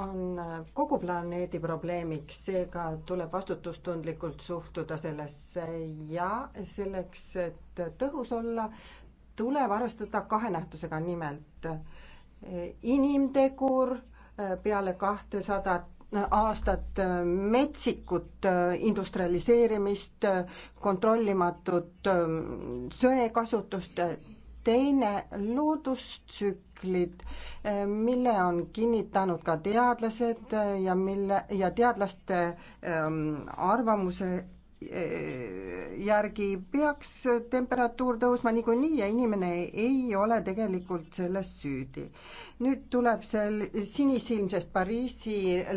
on kogu planeedi probleemiks, seega tuleb vastutustundlikult suhtuda sellesse ja selleks, et tõhus olla, tuleb arvestada kahe nähtusega, nimelt inimtegur äh, peale kahtesadat äh, aastat äh, metsikut industrialiseerimist, kontrollimatut söekasutust, teine loodustsüklid, mille on kinnitanud ka teadlased ja mille ja teadlaste ähm, arvamuse järgi peaks temperatuur tõusma niikuinii ja inimene ei ole tegelikult selles süüdi. nüüd tuleb sel sinisilmsest Pariisi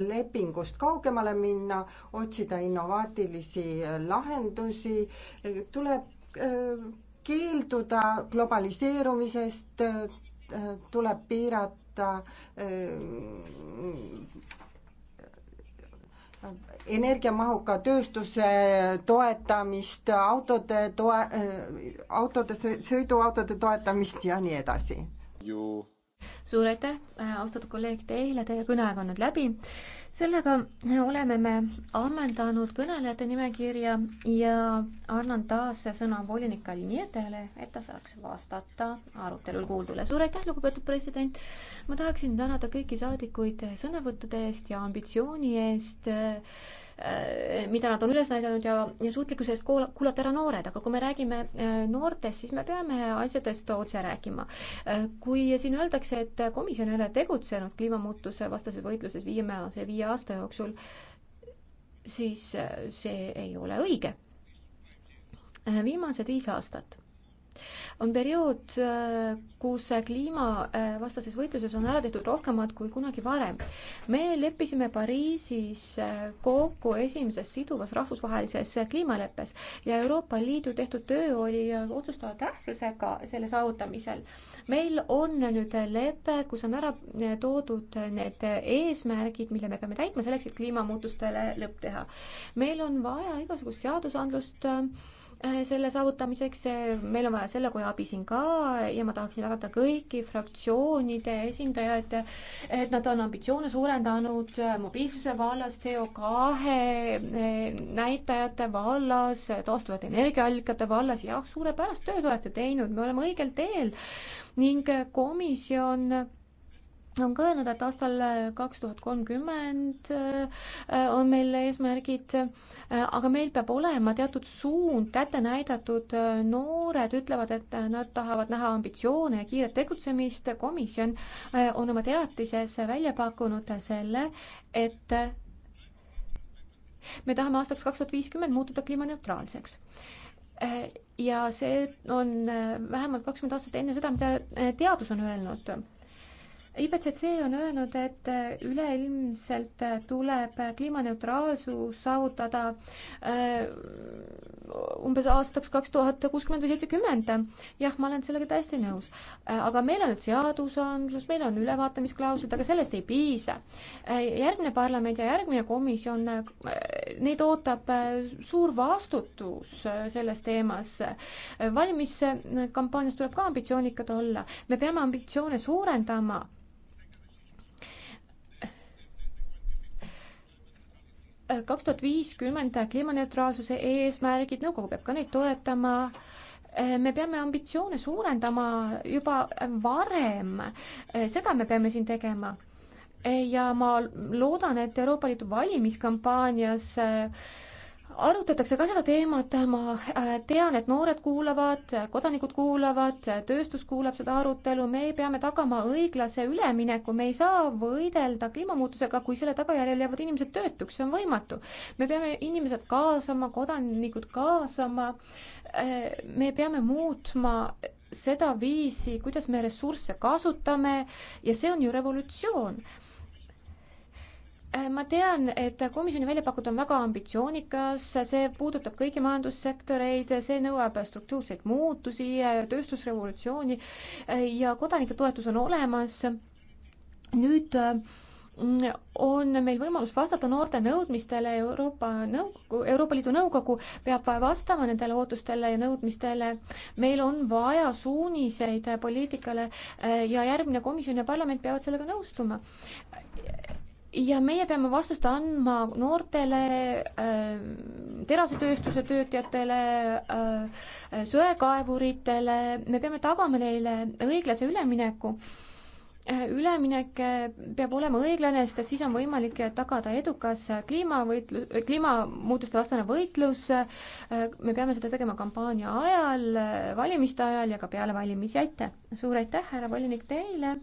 lepingust kaugemale minna, otsida innovaatilisi lahendusi, tuleb äh, keelduda globaliseerumisest, äh, tuleb piirata äh, energiamahuka tööstuse toetamist, autode toe, autode, sõiduautode toetamist ja nii edasi. ju suur aitäh, äh, austatud kolleeg, teile, teie kõneaeg on nüüd läbi. sellega äh, oleme me ammendanud kõnelejate nimekirja ja annan taas sõna volinik Kalinietele, et ta saaks vastata arutelul kuuldule. suur aitäh, lugupeetud president. ma tahaksin tänada kõiki saadikuid sõnavõttude eest ja ambitsiooni eest äh, Äh, mida nad on üles näidanud ja, ja suutlikkuse eest kuula, kuulata ära noored, aga kui me räägime äh, noortest, siis me peame asjadest otse rääkima. Äh, kui siin öeldakse, et komisjon ei ole tegutsenud kliimamuutuse vastases võitluses viimase viie aasta jooksul, siis see ei ole õige. viimased viis aastat on periood, äh, kus kliimavastases äh, võitluses on ära tehtud rohkemat kui kunagi varem. me leppisime Pariisis äh, kokku esimeses siduvas rahvusvahelises kliimaleppes ja Euroopa Liidu tehtud töö oli otsustava tähtsusega selle saavutamisel. meil on nüüd lepe, kus on ära toodud need eesmärgid, mille me peame täitma selleks, et kliimamuutustele lõpp teha. meil on vaja igasugust seadusandlust, Äh, selle saavutamiseks, äh, meil on vaja selle koja abi siin ka ja ma tahaksin tänada kõiki fraktsioonide esindajaid, et nad on ambitsioone suurendanud äh, mobiilsuse vallas, CO kahe näitajate vallas, taastuvate energiaallikate vallas, jah, suurepärast tööd olete teinud, me oleme õigel teel ning komisjon on ka öelnud, et aastal äh, kaks tuhat kolmkümmend äh, äh, on meil eesmärgid, aga meil peab olema teatud suund kätte näidatud, noored ütlevad, et nad tahavad näha ambitsioone ja kiiret tegutsemist, komisjon on oma teatises välja pakkunud selle, et me tahame aastaks kaks tuhat viiskümmend muutuda kliimaneutraalseks ja see on vähemalt kakskümmend aastat enne seda, mida teadus on öelnud. IPCC on öelnud, et äh, üleilmselt äh, tuleb äh, kliimaneutraalsus saavutada umbes aastaks kaks tuhat kuuskümmend või seitsekümmend. jah, ma olen sellega täiesti nõus. aga meil on nüüd seadusandlus, meil on ülevaatamisklauslid, aga sellest ei piisa. järgmine parlament ja järgmine komisjon, neid ootab suur vastutus selles teemas. valimiskampaanias tuleb ka ambitsioonikad olla, me peame ambitsioone suurendama kaks tuhat viiskümmend kliimaneutraalsuse eesmärgid, nõukogu peab ka neid toetama, me peame ambitsioone suurendama juba varem, seda me peame siin tegema. ja ma loodan, et Euroopa Liidu valimiskampaanias äh, arutatakse ka seda teemat, ma äh, tean, et noored kuulavad, kodanikud kuulavad, tööstus kuulab seda arutelu, me peame tagama õiglase ülemineku, me ei saa võidelda kliimamuutusega, kui selle tagajärjel jäävad inimesed töötuks, see on võimatu. me peame inimesed kaasama, kodanikud kaasama, äh, me peame muutma seda viisi, kuidas me ressursse kasutame ja see on ju revolutsioon Äh, ma tean, et komisjoni välja pakutud on väga ambitsioonikas, see puudutab kõiki majandussektoreid, see nõuab struktuurseid muutusi, tööstusrevolutsiooni äh, ja kodanike toetus on olemas. nüüd äh, on meil võimalus vastata noorte nõudmistele, Euroopa Nõukogu, Euroopa Liidu Nõukogu peab vastama nendele ootustele ja nõudmistele. meil on vaja suuniseid poliitikale ja järgmine komisjon ja parlament peavad sellega nõustuma ja meie peame vastust andma noortele äh,, terasetööstuse töötajatele äh,, söekaevuritele, me peame tagama neile õiglase ülemineku Äh, üleminek äh, peab olema õiglane, sest et siis on võimalik äh, tagada edukas kliimavõitlus, kliimamuutuste vastane võitlus. me peame seda tegema kampaania ajal, valimiste ajal ja ka peale valimisi, aitäh! suur aitäh, härra volinik, teile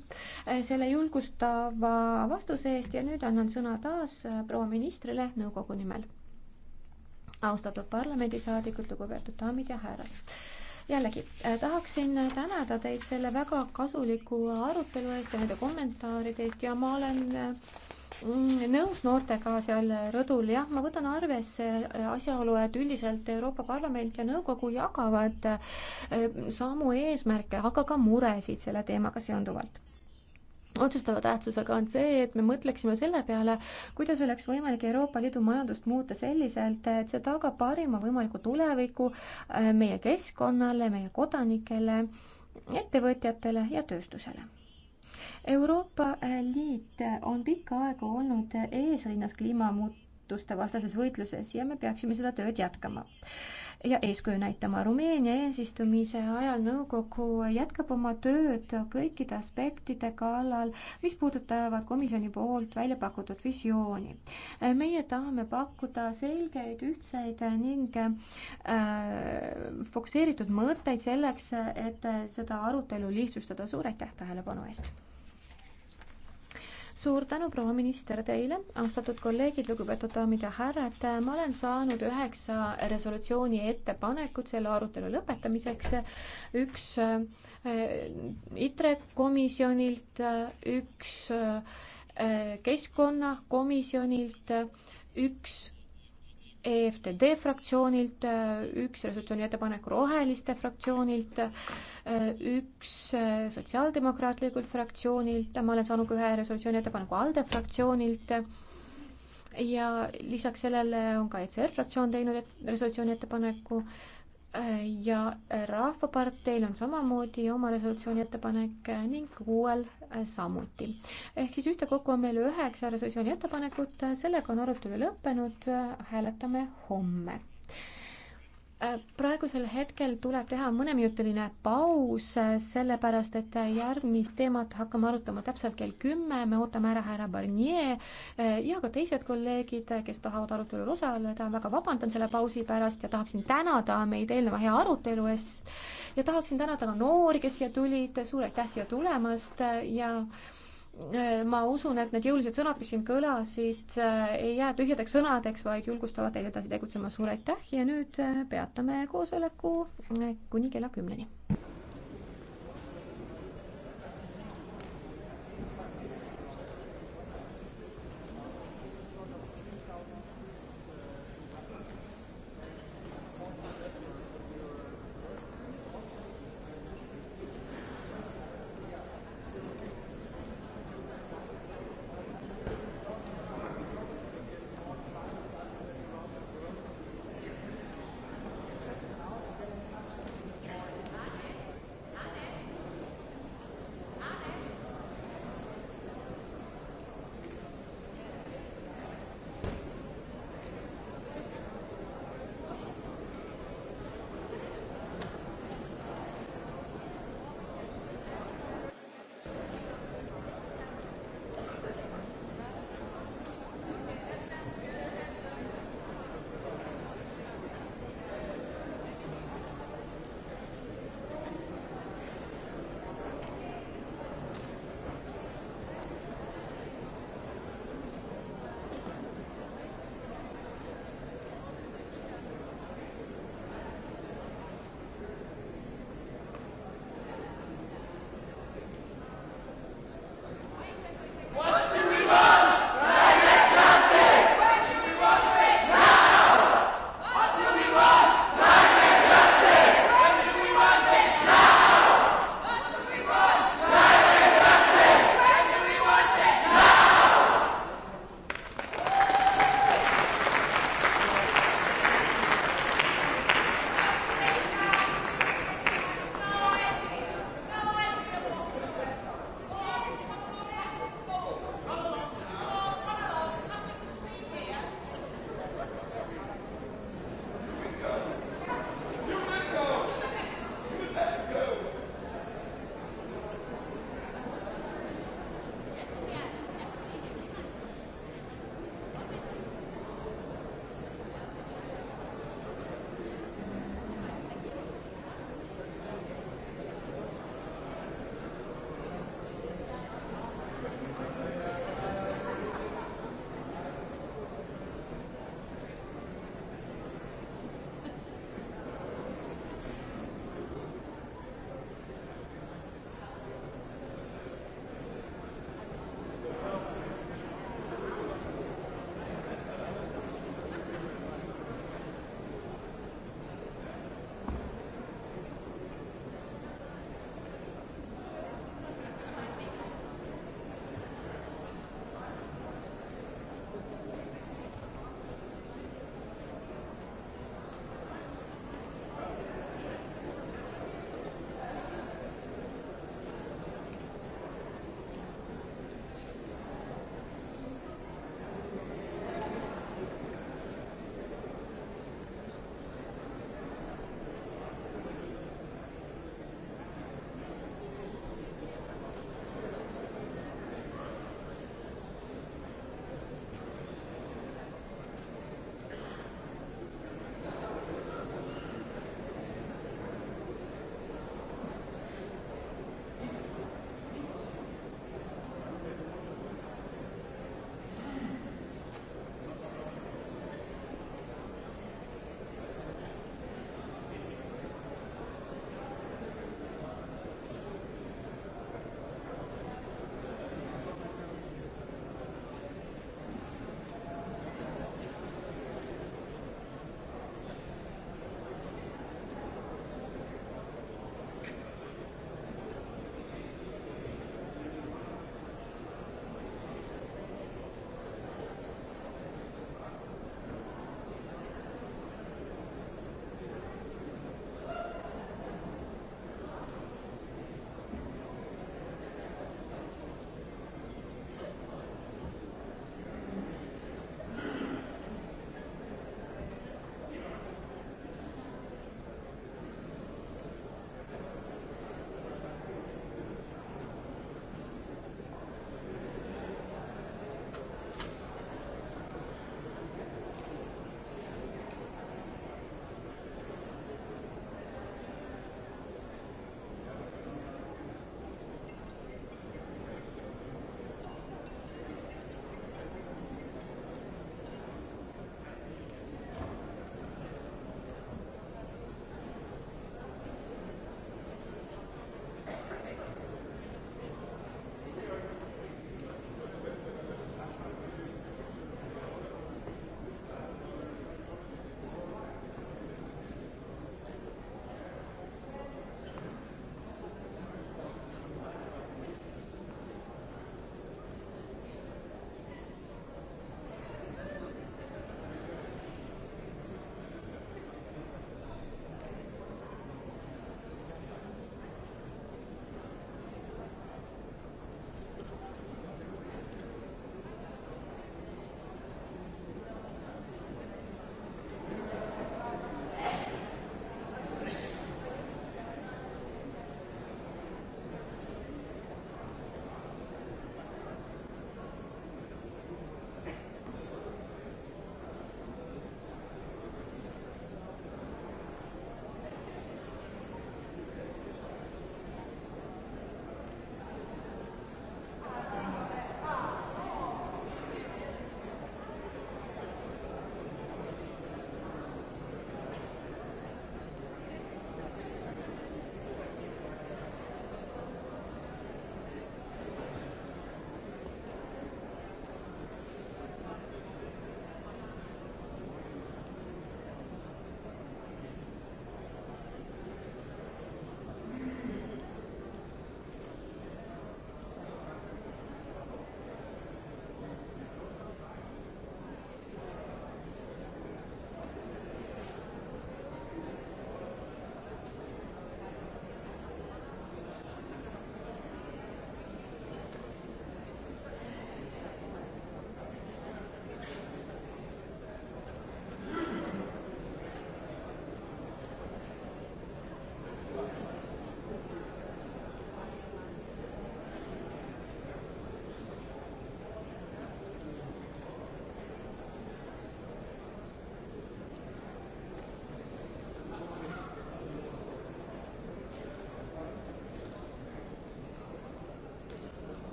selle julgustava vastuse eest ja nüüd annan sõna taas proua ministrile nõukogu nimel. austatud parlamendisaadikud, lugupeetud daamid ja härrad jällegi äh, tahaksin tänada teid selle väga kasuliku arutelu eest ja nende kommentaaride eest ja ma olen äh, nõus noortega seal rõdul, jah, ma võtan arvesse äh, asjaolu, et üldiselt Euroopa Parlament ja nõukogu jagavad samu eesmärke, aga ka muresid selle teemaga seonduvalt otsustava tähtsusega on see, et me mõtleksime selle peale, kuidas oleks võimalik Euroopa Liidu majandust muuta selliselt, et see tagab parima võimaliku tuleviku äh, meie keskkonnale, meie kodanikele, ettevõtjatele ja tööstusele. Euroopa äh, Liit on pikka aega olnud eesrinnas kliimamuutuste vastases võitluses ja me peaksime seda tööd jätkama ja eeskuju näitama. Rumeenia eesistumise ajal nõukogu jätkab oma tööd kõikide aspektide kallal, mis puudutavad komisjoni poolt välja pakutud visiooni. meie tahame pakkuda selgeid, ühtseid ning äh, fokusseeritud mõtteid selleks, et seda arutelu lihtsustada. suur aitäh tähelepanu eest! suur tänu, proua minister, teile, austatud kolleegid, lugupeetud daamid ja härrad, ma olen saanud üheksa resolutsiooni ettepanekut selle arutelu lõpetamiseks, üks äh, ITRE komisjonilt, äh, üks äh, keskkonnakomisjonilt, äh, üks EFTD fraktsioonilt, üks resolutsiooni ettepanek Roheliste fraktsioonilt, üks Sotsiaaldemokraatlikult fraktsioonilt, ma olen saanud ka ühe resolutsiooni ettepaneku ALDE fraktsioonilt ja lisaks sellele on ka ECR fraktsioon teinud et resolutsiooni ettepaneku ja Rahvaparteil on samamoodi oma resolutsiooni ettepanek ning kuuel samuti. ehk siis ühtekokku on meil üheksa resolutsiooni ettepanekut, sellega on arutelu lõppenud, hääletame homme Äh, praegusel hetkel tuleb teha mõneminutiline paus, äh, sellepärast et äh, järgmist teemat hakkame arutama täpselt kell kümme, me ootame ära härra Barnier ja ka teised kolleegid, kes tahavad arutelul osaleda, väga vabandan selle pausi pärast ja tahaksin tänada meid eelneva hea arutelu eest ja tahaksin tänada ka noori, kes siia tulid, suur aitäh siia tulemast ja ma usun, et need jõulised sõnad, mis siin kõlasid, äh, ei jää tühjadeks sõnadeks, vaid julgustavad teid edasi tegutsema. suur aitäh ja nüüd äh, peatame koosoleku äh, kuni kella kümneni.